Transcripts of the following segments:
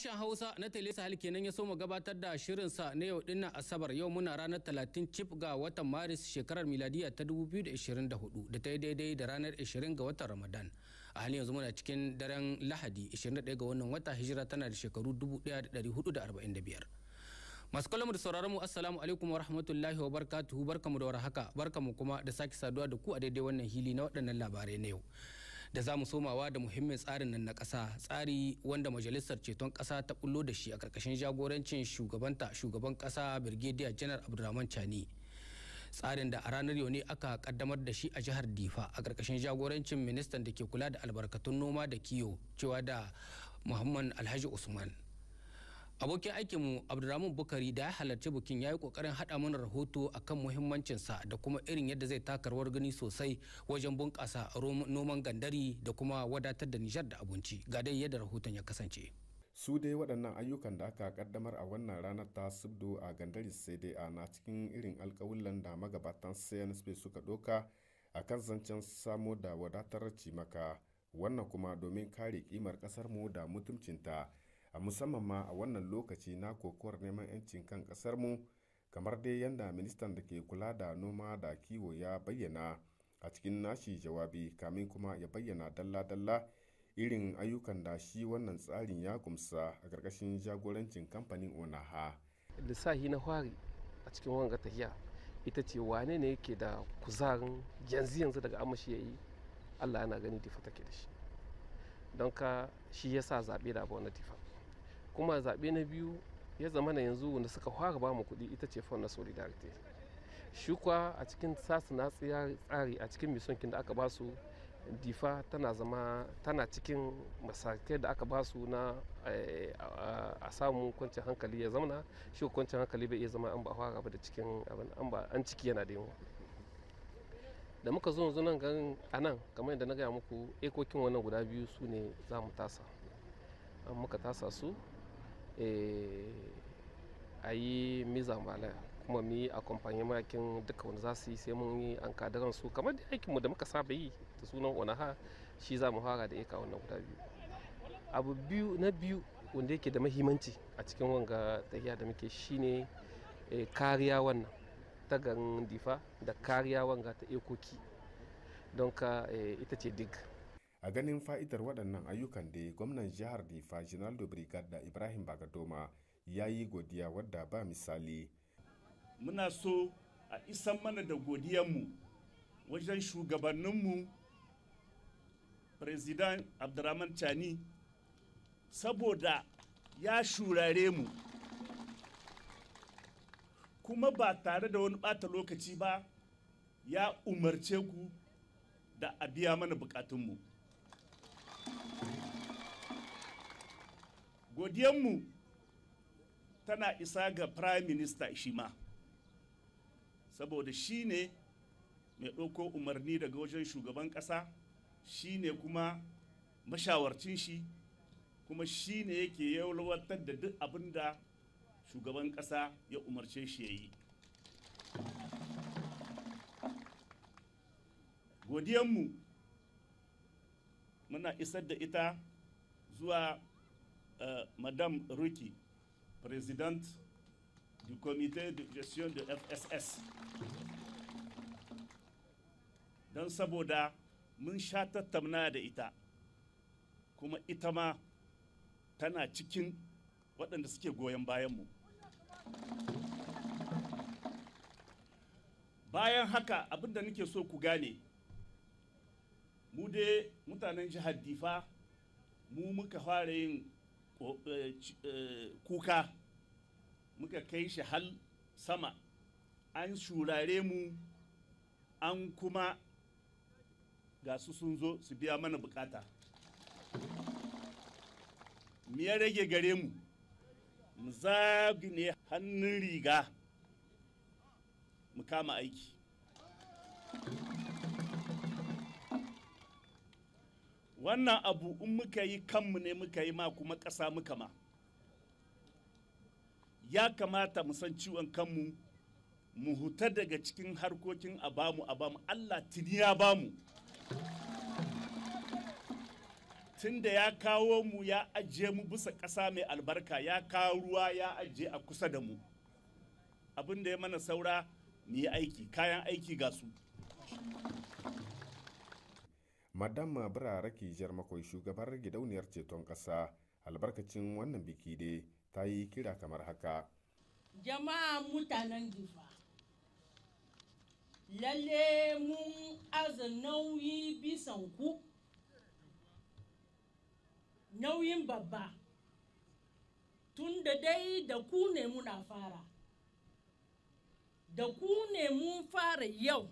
Sashen Hausa na Tele Sahel kenan ya so mu gabatar da sa na yau dinnan Asabar yau muna ranar 30 cif ga watan Maris shekarar miladiya ta 2024 da ta yi daidai da ranar 20 ga watan Ramadan. A halin yanzu muna cikin daren Lahadi 21 ga wannan wata hijira tana da shekaru 1445. Masu kallon da sauraron mu assalamu alaikum wa rahmatullahi wa barakatuhu barkamu da haka barkamu kuma da sake saduwa da ku a daidai wannan hili na waɗannan labarai na yau. da za mu somawa da muhimmin tsarin nan na ƙasa tsari wanda majalisar ceton ƙasa ta bullo da shi a ƙarƙashin jagorancin shugabanta shugaban ƙasa birgediya janar abdulrahman chani tsarin da a ranar yau ne aka kaddamar da shi a jihar difa a ƙarƙashin jagorancin ministan da ke kula da albarkatun noma da kiyo cewa da muhammad alhaji usman abokin aikinmu abdulrahman bukari da ya halarci bukin ya yi kokarin hada mana rahoto akan muhimmancinsa da kuma irin yadda zai taka rawar gani sosai wajen bunƙasa noman gandari da kuma wadatar da nijar da abinci ga dai yadda rahoton ya kasance su dai waɗannan ayyukan da aka kaddamar a wannan ranar ta subdo a gandari sai dai a na cikin irin alkawulan da magabatan cnsp suka doka a kan zancen samo da wadatar cimaka wannan kuma domin kare kimar ƙasarmu da mutuncinta. a musamman ma a wannan lokaci na kokowar neman 'yancin kan mu kamar dai yadda ministan da ke kula da noma da kiwo ya bayyana a cikin nashi jawabi kamin kuma ya bayyana dalla-dalla irin ayyukan da shi wannan tsarin ya kumsa a ƙarƙashin jagorancin kamfanin onaha lissahi na hwari a cikin wanga tahiya ita ce wane ne yake da kuzarin yanzu yanzu daga amashi ya yi allah yana gani difa take da shi don ka shi ya sa zaɓe da abuwa na difa kuma zaɓe na biyu ya zama na yanzu wanda suka fara ba mu kuɗi ita ce fond na solidarity shi kuwa a cikin sasu na tsari a cikin misonkin da aka ba su difa tana zama tana cikin masakai da aka ba su na eh, a samu kwanciyar hankali ya zauna shi kwanciyar hankali bai iya zama an ba fara ba da cikin an ciki yana da yawa da muka zo yanzu nan garin a nan kamar yadda na gaya muku ekokin wannan guda biyu su ne za mu tasa an muka tasa su Eh, a yi mizamala kuma mu yi akwamfani makin duka wani za su yi sai mun yi an kadaran su kamar da aikinmu da muka saba yi da sunan onaha shi za mu fara da eka wannan guda biyu abu biyu na biyu wanda yake da mahimmanci a cikin wanga tahiya da muke shine eh, kariya wannan ta garin difa da kariya wanga ta ekoki don ka eh, ita ce dig a ganin fa'idar waɗannan ayyukan da gwamnan jihar difa ginaldo brigada ibrahim bagadoma ya yi godiya wadda ba misali muna so a isan mana da godiyanmu wajen shugabanninmu firizidan abdurrahman chani saboda ya shurare mu kuma ba tare da wani ɓata lokaci ba ya umarce ku da a biya mana bukatunmu. godiyanmu tana isa ga prime minister shi ma saboda shi ne mai ɗauko umarni daga wajen shugaban ƙasa shi ne kuma mashawarcin shi kuma shi ne yake yawalwatar da duk abin da shugaban ƙasa ya umarce shi ya yi godiyanmu muna isar da ita zuwa Madam euh, Madame Ruki, présidente du comité de gestion de FSS. Don saboda mun sha tattauna da ita, kuma ita ma tana cikin waɗanda suke goyon bayanmu. Bayan haka abin da nake so ku gane, mu dai mutanen jihar Difa mu muka fara yin Eh, eh, kuka muka kai shi hal sama an shurare mu an kuma ga su sun zo su biya mana bukata ya rage gare mu mu ne hannun riga mu kama aiki wannan abu in muka yi kanmu ne muka yi ma kuma ƙasa muka ma ya kamata mu san ciwon kanmu mu huta daga cikin harkokin abamu abamu allah tuni ya bamu tun da ya kawo mu ya ajiye mu bisa ƙasa mai albarka ya kawo ruwa ya ajiye a kusa da mu abin da ya mana saura ni aiki kayan aiki ga su madama biraraki jarmakwai shugabar gidauniyar ceton ƙasa albarkacin wannan biki dai ta yi kira kamar haka jama'a mutanen gifa lalle mun aza nauyi bisan ku nauyin babba tun da dai da ku ne muna fara da ku ne mun fara yau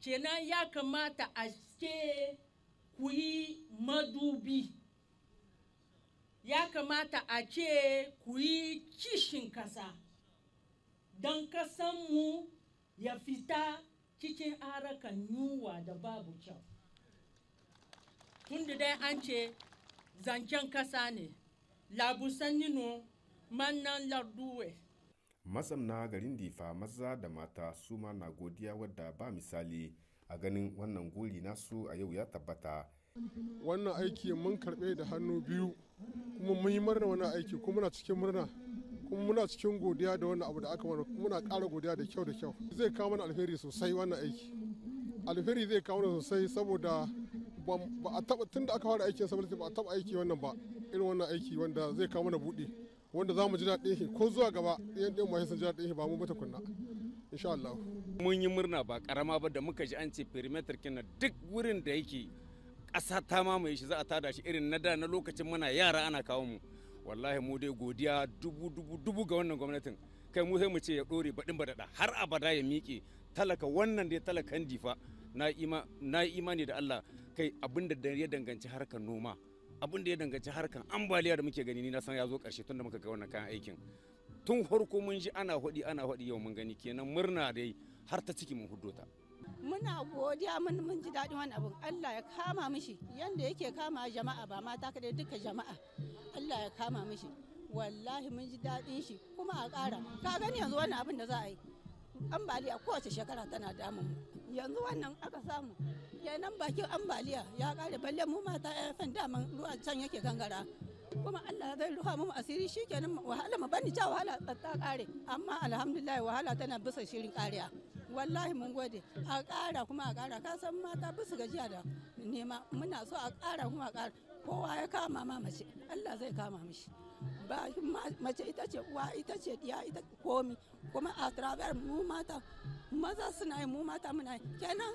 kenan ya kamata a haske ku yi madubi ya kamata a ce ku yi kishin kasa don kasanmu ya fita cikin arakan yunwa da babu kyau tunda dai an ce zancen kasa ne labusan nino mannan larduwe masamna garin difa maza da mata suma na godiya wadda ba misali a ganin wannan guri nasu a yau ya tabbata wannan aiki mun karɓe da hannu biyu kuma mun yi murna wannan aiki kuma muna cikin murna kuma muna cikin godiya da wannan abu da aka mana muna ƙara godiya da kyau da kyau zai kawo mana alheri sosai wannan aiki alheri zai kawo mana sosai saboda ba a taba tun da aka fara aikin sabalti ba a taba aiki wannan ba irin wannan aiki wanda zai kawo mana buɗe wanda za mu ji daɗin ko zuwa gaba ɗayan ɗayan mu sun ji daɗin ba mu ba tukunna insha Allah mun yi murna ba karama ba da muka ji an ce perimeter kenan duk wurin da yake ƙasa ta mamaye shi za a tada shi irin na da na lokacin muna yara ana kawo mu wallahi mu dai godiya dubu dubu dubu ga wannan gwamnatin kai mu sai mu ce ya ɗore baɗin baɗaɗa har abada ya miƙe talaka wannan dai talakan difa na imani da Allah kai abin da ya danganci harkar noma abin da ya danganci harkar ambaliya da muke gani ni na san ya zo ƙarshe tun da muka ga wannan kayan aikin tun farko mun ji ana hudi ana hudi yau mun gani kenan murna dai har ta ciki mun hudo ta muna godiya mun mun ji daɗin wani abin Allah ya kama mishi yanda yake kama jama'a ba mata kaɗai duka jama'a Allah ya kama mishi wallahi mun ji daɗin shi kuma a ƙara ka gani yanzu wannan abin da za a yi ambaliya kowace shekara tana damun mu yanzu wannan aka samu kenan bakin ambaliya ya ƙare balle mu mata ya ƴan daman ruwa can yake gangara kuma Allah zai ruha mu asiri kenan wahala mu bani ta wahala ta kare amma alhamdulillah wahala tana bisa shirin kariya wallahi mun gode a ƙara kuma a ƙara ka san mata bisu gajiya da nema muna so a ƙara kuma a ƙara kowa ya kama ma mace Allah zai kama mishi ba mace ita ce uwa ita ce diya ita komi kuma a travel mu mata maza suna yi mu mata muna yi kenan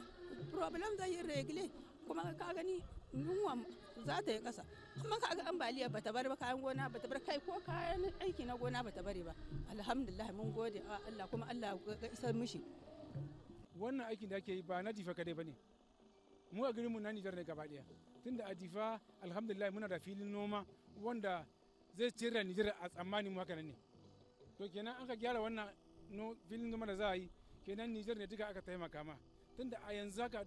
problem zai yi regle kuma ka gani yunwa za ta yi kasa kuma ka ga ambaliya ba ta bar ba kayan gona ba ta bar kai ko kayan aiki na gona ba ta bari ba alhamdulillah mun gode Allah kuma Allah ga isar mishi wannan aikin da ake yi ba na difa kadai ba ne mu a garinmu na nijar ne gaba ɗaya tunda a difa alhamdulillah muna da filin noma wanda zai ciyar da nijar a tsammanin mu haka nan ne to kenan aka gyara wannan filin noma da za a yi kenan nijar ne duka aka taimaka ma tunda a yanzu haka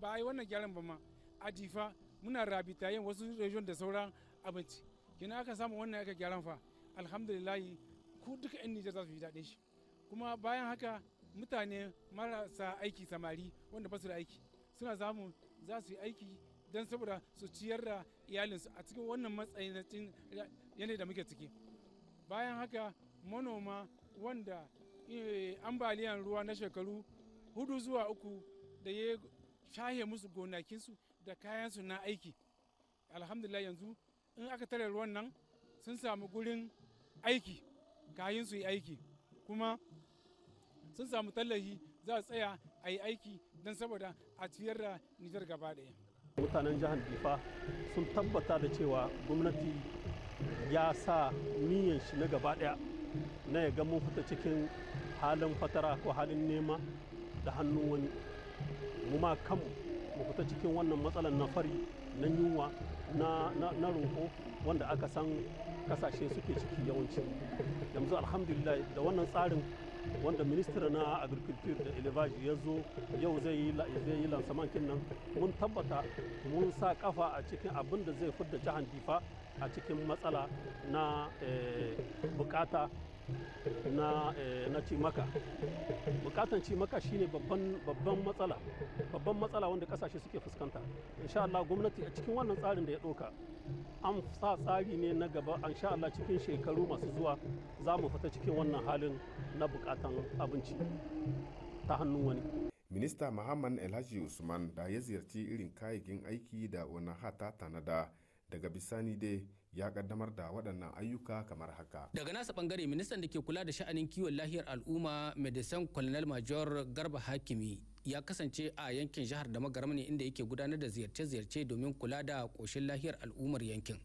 ba a yi wannan gyaran ba ma a difa muna rabitayen wasu region da sauran abinci kenan aka samu wannan aka gyaran fa alhamdulillah ku duka 'yan nijar za su yi daɗin shi kuma bayan haka mutane marasa aiki samari wanda ba su da aiki suna zamu za su yi aiki don saboda su ciyar da iyalinsu a cikin wannan matsayin yanayi da muke ciki bayan haka manoma wanda eh, ambaliyan ruwa na shekaru hudu zuwa uku da ya shahe musu gonakinsu da kayansu na aiki alhamdulillah yanzu in aka tare ruwan nan sun samu gurin aiki kayan su yi aiki kuma sun samu tallahi za a tsaya a yi aiki don saboda a ciyar da nijar gaba ɗaya mutanen jihar difa sun tabbata da cewa gwamnati ya sa niyan shi na gaba ɗaya na ya ga mun fita cikin halin fatara ko halin nema da hannun wani mu ma kanmu mu fita cikin wannan matsalar na fari na yunwa na roƙo wanda aka san kasashe suke ciki yawanci yanzu alhamdulillah da wannan tsarin wanda ministra na agriculture da elevage ya zo yau zai yi lansaman nan mun tabbata mun sa kafa a cikin abin da zai fudda jihar difa a cikin matsala na eh, bukata na eh, na cimaka bukatan cimaka shine babban matsala babban matsala wanda kasashe suke fuskanta insha Allah gwamnati a cikin wannan tsarin da ya ɗauka an sa tsari ne na gaba insha Allah cikin shekaru masu zuwa za mu fita cikin wannan halin na bukatan abinci ta hannun wani minista muhammad elhaji usman da ya ziyarci irin kayayyakin aiki da wani hata tanada daga bisani dai ya kaddamar da waɗannan ayyuka kamar haka. Daga nasa bangare ministan da ke kula da sha'anin kiwon lahiyar al'umma medecin colonel major garba hakimi ya kasance a yankin jihar da magaram ne inda yake gudanar da ziyarce-ziyarce domin kula da ƙoshin lahiyar al'ummar yankin.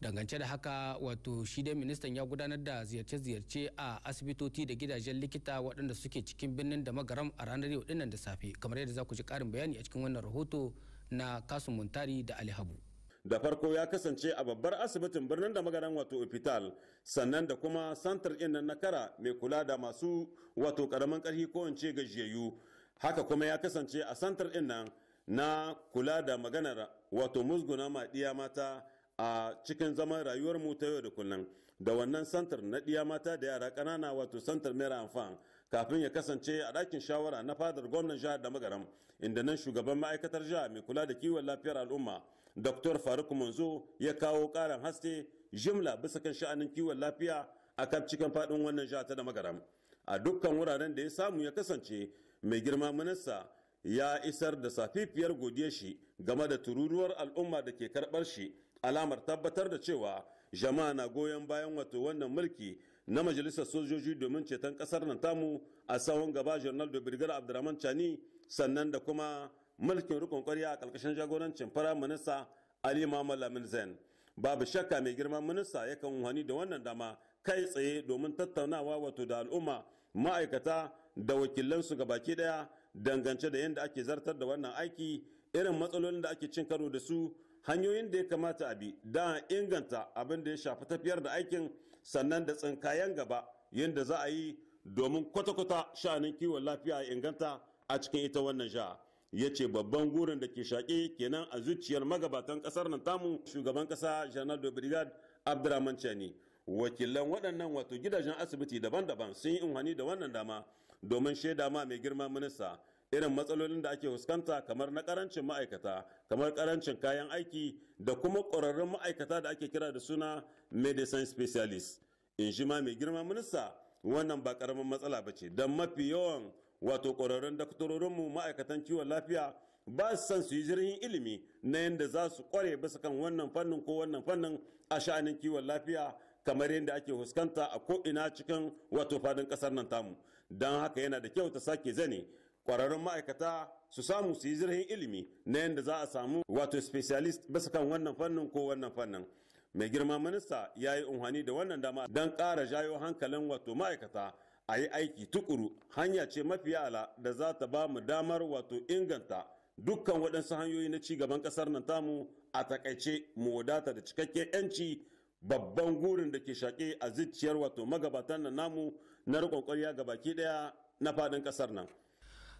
dangance da haka wato shi dai ministan ya gudanar da ziyarce-ziyarce a asibitoci da gidajen likita waɗanda suke cikin birnin da magaram a ranar yau dinnan da safe kamar yadda za ku ji ƙarin bayani a cikin wannan rahoto na kasu muntari da ali habu da farko ya kasance a babbar asibitin birnin da magaran wato hospital sannan da kuma santar ina nan na kara mai kula da masu wato karamin karhi ko in ce gajiyayyu haka kuma ya kasance a santar din nan na kula da maganar wato musguna ma mata a cikin zaman rayuwar mu ta yau da kullum da wannan santar na ɗiya mata da yara kanana wato santar mera amfan kafin ya kasance a ɗakin shawara na fadar gwamnan jihar da magaram inda nan shugaban ma'aikatar jiha mai kula da kiwon lafiyar al'umma dr faruk manzo ya kawo karin haske jimla bisa kan sha'anin kiwon lafiya a kan cikin fadin wannan jiha ta da magaram a dukkan wuraren da ya samu ya kasance mai girma minista ya isar da safifiyar godiya shi game da tururuwar al'umma da ke karbar shi alamar tabbatar da cewa jama'a na goyon bayan wato wannan mulki na majalisar sojoji domin ceton kasar nan tamu a tsawon gaba jornal da birgar abdurrahman chani sannan da kuma mulkin rukun kwarya a ƙarƙashin jagorancin fara minista ali Mamman lamin zain babu shakka mai girman minista yakan wani da wannan dama kai tsaye domin tattaunawa wato da al'umma ma'aikata da wakilansu ga baki daya dangance da yadda ake zartar da wannan aiki irin matsalolin da ake cin karo da su hanyoyin da ya kamata a bi da inganta abin da ya shafi tafiyar da aikin sannan da tsinkayen gaba yadda za a yi domin kwata-kwata sha'anin kiwon lafiya inganta a cikin ita wannan jiha. ya ce babban gurin da ke shaƙe kenan a zuciyar magabatan ƙasar nan tamu shugaban ƙasa janar da brigad abdurrahman chani wakilan waɗannan wato gidajen asibiti daban-daban sun yi unhani da wannan dama domin shaida ma mai girma minista irin matsalolin da ake fuskanta kamar na karancin ma'aikata kamar karancin kayan aiki da kuma ƙwararrun ma'aikata da ake kira da suna medicine specialist in ma mai girma minista wannan ba karamin matsala ba ce don mafi yawan wato ƙwararrun daktarorinmu ma'aikatan kiwon lafiya ba su san su yi jirgin ilimi na yadda za su ƙware bisa kan wannan fannin ko wannan fannin a sha'anin kiwon lafiya kamar yadda ake fuskanta a ko'ina cikin wato fadin ƙasar nan tamu don haka yana da kyau ta sake zane ƙwararrun ma'aikata su samu su yi jirgin ilimi na yadda za a samu wato specialist bisa kan wannan fannin ko wannan fannin mai girma minista ya yi unhani da wannan dama don kara jayo hankalin wato ma'aikata a yi aiki tukuru hanya ce mafi ala da za ta ba mu damar wato inganta dukkan waɗansu hanyoyi na ci gaban ƙasar nan tamu a takaice mu wadata da cikakken 'yanci babban gurin da ke shaƙe a zuciyar wato magabatan nan namu na riƙon ƙwarya ga baki ɗaya na faɗin ƙasar nan.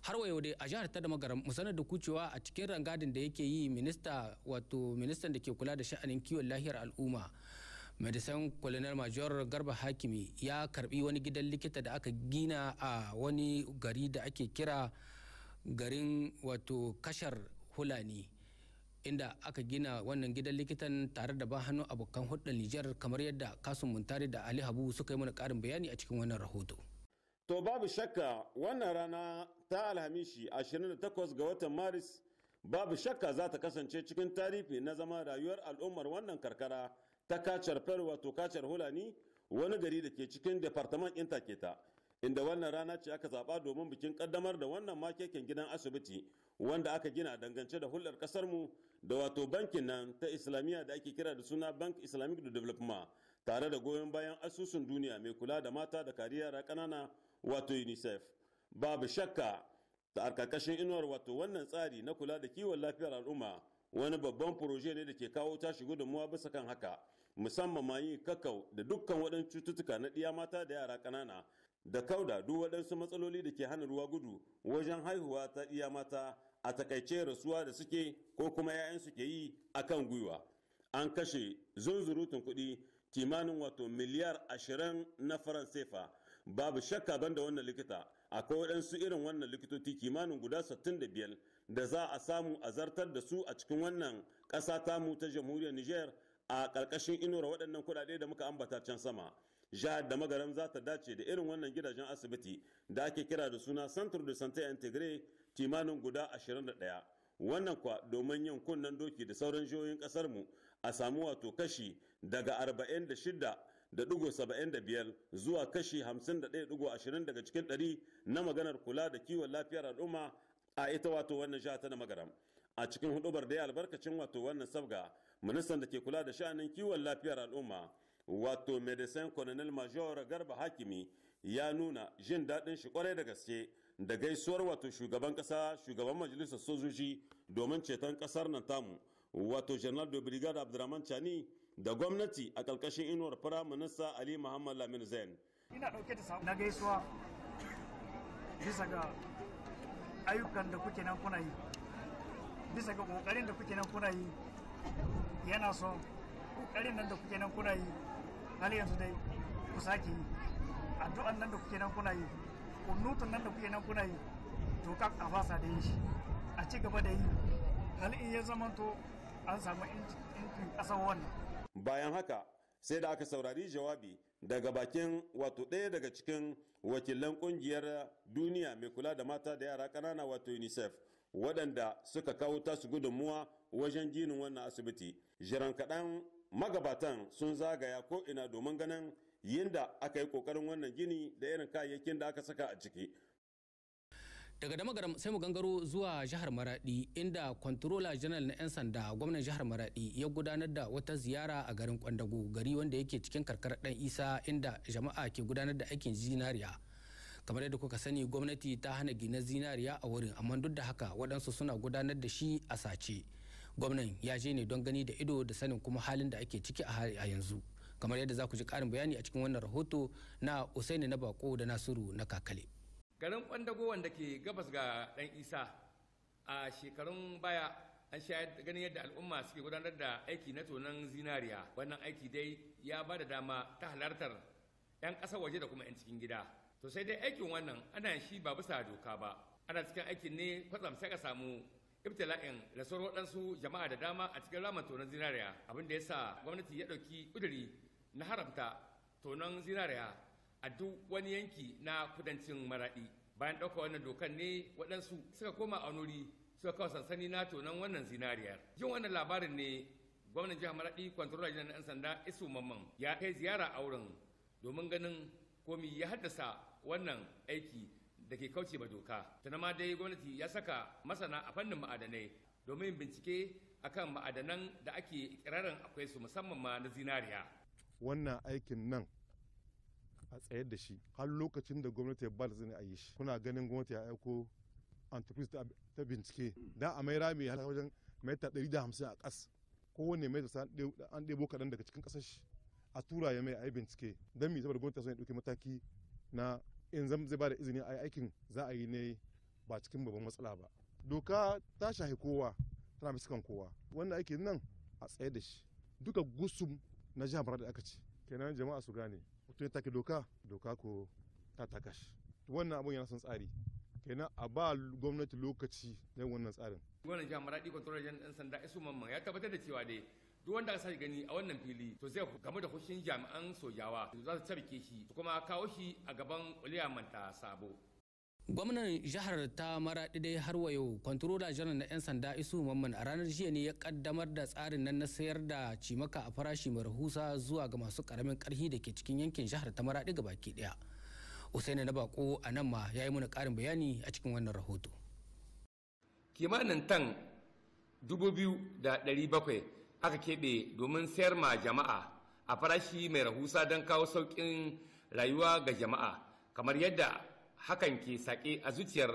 har wa yau dai a jihar ta da magaram musanar da kucewa a cikin rangadin da yake yi minista wato ministan da ke kula da sha'anin kiwon lahiyar al'umma Madisan colonel Major Garba Hakimi ya karbi wani gidan likita da aka gina a wani gari da ake kira garin wato kashar Hulani. inda aka gina wannan gidan likitan tare da ban hannu abokan hudun Nijar kamar yadda kasu Muntari da Ali Habu suka yi mana karin bayani a cikin wannan rahoto. To babu shakka wannan rana ta Alhamishi 28 ga watan Maris babu shakka za ta kasance cikin tarihi na zama rayuwar al'ummar wannan karkara ta kacar farwa to kacar hulani wani gari da ke cikin departament ɗin ta inda wannan rana ce aka zaɓa domin bikin ƙaddamar da wannan makekin gidan asibiti wanda aka gina dangance da hulɗar mu da wato bankin nan ta islamiyya da ake kira da suna bank islamic development tare da goyon bayan asusun duniya mai kula da mata da kariya yara ƙanana wato unicef babu shakka da arkakashin inuwar wato wannan tsari na kula da kiwon lafiyar al'umma wani babban ne da ke kawo tashi gudunmuwa bisa kan haka musamman mayi kakau da dukkan waɗansu cututtuka na ɗiya mata da yara ƙanana da kauda duk waɗansu matsaloli da ke hana ruwa gudu wajen haihuwa ta ɗiya mata a takaice rasuwa da suke ko kuma 'ya'yansu ke yi a kan gwiwa an kashe zunzurutun kuɗi kimanin wato miliyar ashirin na faransefa babu shakka banda wannan likita akwai waɗansu irin wannan likitoci kimanin guda 65 da za a samu a zartar da su a cikin wannan ƙasa tamu ta jamhuriyar niger a ƙarƙashin inuwar waɗannan kuɗaɗe da muka ambata can sama jihar da magaram za ta dace da irin wannan gidajen asibiti da ake kira da suna centre de santé intégré kimanin guda 21 wannan kwa domin yin kunnen doki da sauran jihohin ƙasar mu a samu wato kashi daga 46.75 zuwa kashi 51.20 daga cikin 100 na maganar kula da kiwon lafiyar al'umma a ita wato wannan jiha ta na magaram a cikin hudubar da ya albarkacin wato wannan sabga ministan da ke kula da sha'anin kiwon lafiyar al'umma wato medecin colonel major garba hakimi ya nuna jin daɗin shi kwarai da gaske da gaisuwar wato shugaban ƙasa shugaban majalisar sojoji domin ceton ƙasar nan tamu wato general de brigade abdurrahman chani da gwamnati a ƙarƙashin inuwar fara minista ali muhammad lamin zain na gaisuwa bisa ga ayyukan da kuke nan kuna yi bisa ga ƙoƙarin da kuke nan kuna yi yana so ƙoƙarin nan da kuke nan kuna yi har yanzu dai ku sake yi addu'an nan da kuke nan kuna yi kunnutun nan da kuke nan kuna yi to ka a fasa da yin shi a ci gaba da yi hal in ya zamanto an samu inkin ƙasar wannan bayan haka sai da aka saurari jawabi daga bakin wato ɗaya daga cikin wakilan ƙungiyar duniya mai kula da mata da yara ƙanana wato unicef waɗanda suka kawo tasu gudunmuwa wajen ginin wannan asibiti jiran kaɗan magabatan sun zagaya ko ina domin ganin yinda aka yi ƙoƙarin wannan gini da irin kayayyakin da aka saka a ciki daga magaram sai mu gangaro zuwa jihar maradi inda controller general na 'yan sanda gwamnan jihar maradi ya gudanar da wata ziyara a garin kwandago gari wanda yake cikin karkar dan isa inda jama'a ke gudanar da aikin zinariya kamar yadda kuka sani gwamnati ta hana gina zinariya a wurin amma duk da haka waɗansu suna gudanar da shi a sace gwamnan ya je ne don gani da ido da sanin kuma halin da ake ciki a yanzu kamar yadda za ku ji karin bayani a cikin wannan rahoto na usaini na bako da nasiru na kakale garin kwandago wanda ke gabas ga dan isa a shekarun baya an sha ganin yadda al'umma suke gudanar da aiki na tonon zinariya wannan aiki dai ya ba da dama ta halartar 'yan ƙasar waje da kuma 'yan cikin gida to sai dai aikin wannan ana shi ba bisa doka ba ana cikin aikin ne kwatsam sai ka samu ibtila'in da sauran waɗansu jama'a da dama a cikin ramar tonon zinariya abin da ya sa gwamnati ya ɗauki ƙuduri na haramta tonon zinariya a duk wani yanki na kudancin maraɗi bayan ɗauka wannan dokan ne waɗansu suka koma a nuri suka kawo sansani na tonon wannan zinariyar Yin wannan labarin ne gwamnan jihar maraɗi kwantarola na 'yan sanda isu mamman ya kai ziyara a wurin domin ganin komi ya haddasa wannan aiki da ke kauce ba doka tana ma dai gwamnati ya saka masana a fannin ma'adanai domin bincike akan ma'adanan da ake kirarin akwai su musamman ma na zinariya wannan aikin nan a tsayar da shi har lokacin da gwamnati ya ba da a yi shi kuna ganin gwamnati ya aiko entreprise ta bincike da a mai rami har wajen mita 150 a ƙas kowane mita an ɗebo kaɗan daga cikin ƙasar shi a tura ya mai a yi bincike don mi saboda gwamnati sun ɗauki mataki na in zan zai ba da izini a aikin za a yi ne ba cikin babban matsala ba doka ta shahi kowa tana fuskan kowa wanda ake nan a tsaye da shi duka gusum na jihar da aka ce kenan jama'a su gane mutum ya take doka doka ko ta taka shi wannan abun yana son tsari kenan a ba gwamnati lokaci na wannan tsarin gwamnan jihar maradi kwantarar jan dan sanda isu mamman ya tabbatar da cewa dai duk wanda aka sake gani a wannan fili to zai game da hushin jami'an sojawa za su tarke shi su kuma kawo shi a gaban kuliya manta sabo gwamnan jihar ta maraɗi dai har wa yau kwantarola janar na 'yan sanda isu mamman a ranar jiya ne ya kaddamar da tsarin nan na sayar da cimaka a farashi mai rahusa zuwa ga masu karamin karhi da ke cikin yankin jihar ta maraɗi baki ɗaya usaini na bako a nan ma ya yi mana karin bayani a cikin wannan rahoto kimanin tan da 2,700 aka keɓe domin sayar ma jama'a a farashi mai rahusa don kawo sauƙin rayuwa ga jama'a kamar yadda hakan ke saƙe a zuciyar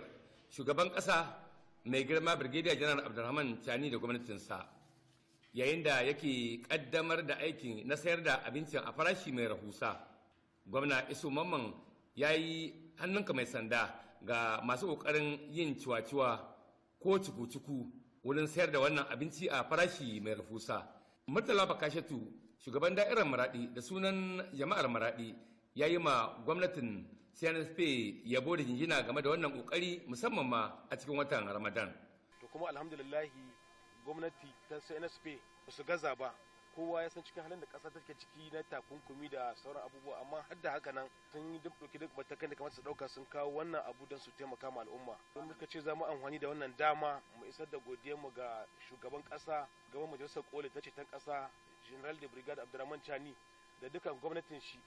shugaban ƙasa mai girma brigadier general abdulrahman chani da gwamnatinsa yayin da yake ƙaddamar da aikin na sayar da abincin a farashi mai rahusa gwamna isu mamman ya yi hannunka mai sanda ga masu ƙoƙarin yin ciwa-ciwa ko cuku-cuku wurin sayar da wannan abinci a farashi mai rufusa. murtala bakashatu shugaban da'irar maraɗi da sunan jama'ar maraɗi, ya yi ma gwamnatin cnsp ya da jinjina game da wannan kokari musamman ma a cikin watan ramadan to kuma alhamdulillahi gwamnati ta cnsp ba su gaza ba kowa ya san cikin halin da ƙasa take ciki na takunkumi da sauran abubuwa amma har da haka nan sun yi duk ɗauki duk matakan da kamata su ɗauka sun kawo wannan abu don su taimaka ma al'umma don muka ce za mu amfani da wannan dama mu isar da mu ga shugaban ƙasa gaban majalisar koli ta ceton ƙasa general da brigade abdurrahman chani da dukkan gwamnatin shi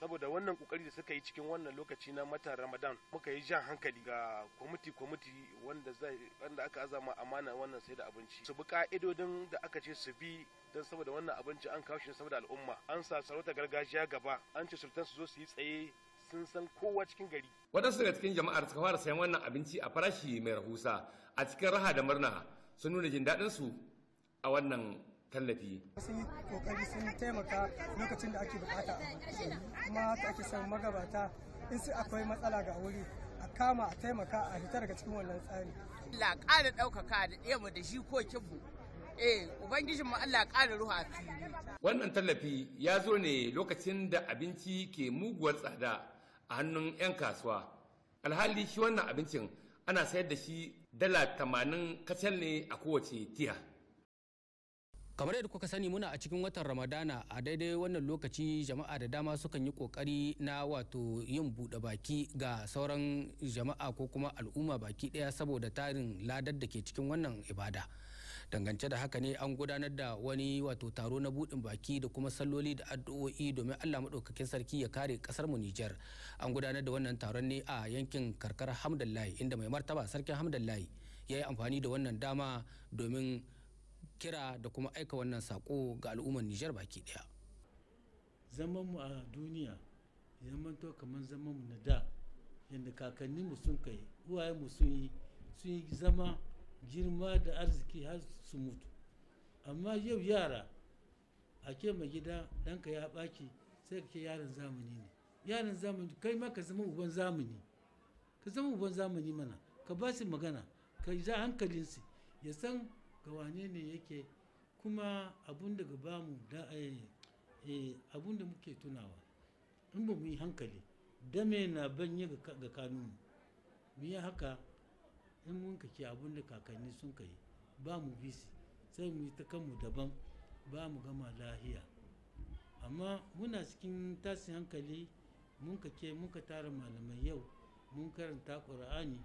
saboda wannan kokari da suka yi cikin wannan lokaci na mata ramadan muka yi jan hankali ga kwamiti kwamiti wanda aka azama amana wannan sai da abinci su bi ka'idodin da aka ce su bi don saboda wannan abinci an kawo shi saboda al'umma an sa sarauta gargajiya gaba an ce sultan su zo su yi tsaye sun san kowa cikin gari waɗansu daga cikin jama'ar suka fara sayan wannan abinci a farashi mai rahusa a cikin raha da murna sun nuna jin daɗin su a wannan tallafi sun yi kokari sun taimaka lokacin da ake bukata kuma haka ake son magabata in sai akwai matsala ga wuri a kama a taimaka a hita daga cikin wannan tsari Allah ƙara ɗaukaka da ɗaya mu da eh ubangijin mu Allah ƙara ruha fili wannan tallafi ya zo ne lokacin da abinci ke muguwar tsada a hannun 'yan kasuwa alhali shi wannan abincin ana sayar da shi dala tamanin kacal ne a kowace tiya kamar yadda kuka sani muna a cikin watan ramadana a daidai wannan lokaci jama'a da dama sukan yi kokari na wato yin buɗe baki ga sauran jama'a ko kuma al'umma baki ɗaya saboda tarin ladar da ke cikin wannan ibada dangance da haka ne an gudanar da wani wato taro na buɗin baki da kuma salloli da addu'o'i domin allah maɗaukakin sarki ya kare ƙasar mu nijar an gudanar da wannan taron ne a yankin karkar hamdallahi inda mai martaba sarkin hamdallahi ya yi amfani da wannan dama domin kira da kuma aika wannan sako ga al'ummar Nijar baki daya. Zaman mu a duniya zamanto kamar zaman mu na da yadda kakanni mu sun kai uwaye mu sun yi sun yi zama girma da arziki har su mutu amma yau yara a ke ma gida ɗanka ya ɓaki sai ka ke yaran zamani ne yaran zamani kai ma ka zama uban zamani ka zama uban zamani mana ka ba su magana ka za hankalinsu ya san ga wane ne yake kuma abun da ba mu da eh, eh, abun da muke tunawa in ba mu yi hankali dame na banye ga kanunmu mu yi haka in mun kake abun da kakanni sun kai ba mu bisi sai mu yi ta kanmu daban ba mu gama lahiya amma muna cikin tasi hankali mun kake muka tara malamai yau mun karanta ƙur'ani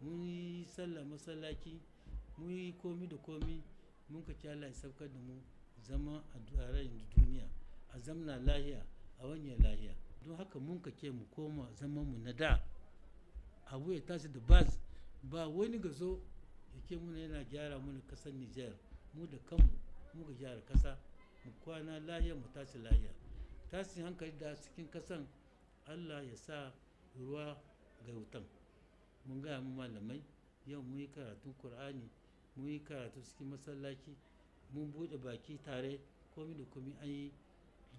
mun yi sallah masallaci mu yi komi da komi mun ka kyala ya saukar da mu zama a rayin duniya a zamna lahiya a wanyan lahiya don haka mun ka ke mu koma zaman mu na da abu ya tashi da ba ba wani ga zo ya ke muna yana gyara mana kasar niger mu da kanmu mu ga gyara kasa mu kwana lahiya mu tashi lahiya tashi hankali da cikin kasan allah ya sa ruwa ga wutan mun gaya mu malamai yau mun yi karatun kur'ani mun yi karatu cikin masallaci mun buɗe baki tare komi da komi an yi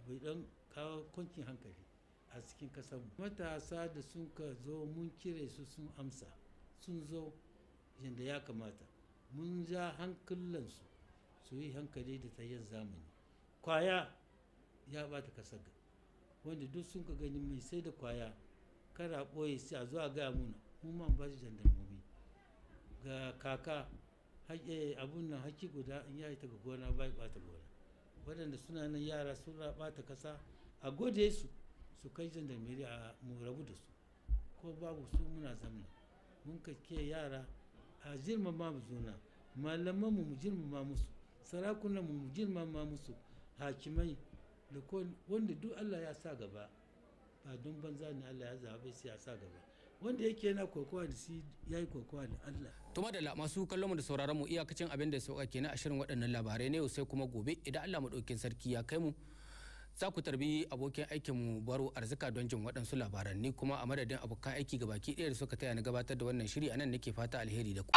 bai dan kawo kwancin hankali a cikin kasar mu. matasa da sun ka zo mun cire su sun amsa sun zo yadda ya kamata mun ja hankalinsu su yi hankali da tayyar zamani kwaya ya bata kasaga wanda duk sun ka gani mai sai da kwaya kara ɓoye sai a zuwa gaya muna mun man ba shi jandarmomi ga kaka abun nan haki guda in ya ta ga gona bai bata gona waɗanda suna nan yara sun bata kasa a gode su su kai jandarmeri a mu rabu da su ko babu su muna zamna mun kake yara a girmama mu zona malaman mu mu girmama musu sarakunan mu mu girmama musu hakimai da wanda duk Allah ya sa gaba ba don banza ne Allah ya zaɓi sai ya sa gaba wanda yake yana kokowa da shi ya yi kokowa da Allah. Tuma da masu kallon mu da sauraron mu iyakacin abin da sauka kenan a shirin waɗannan labarai ne sai kuma gobe idan Allah maɗaukin sarki ya kai mu. Za ku tarbi abokin aikin mu baro arzika don jin waɗansu labaran ni kuma a madadin abokan aiki gabaki ɗaya da suka taya na gabatar da wannan shiri a nan nake fata alheri da ku.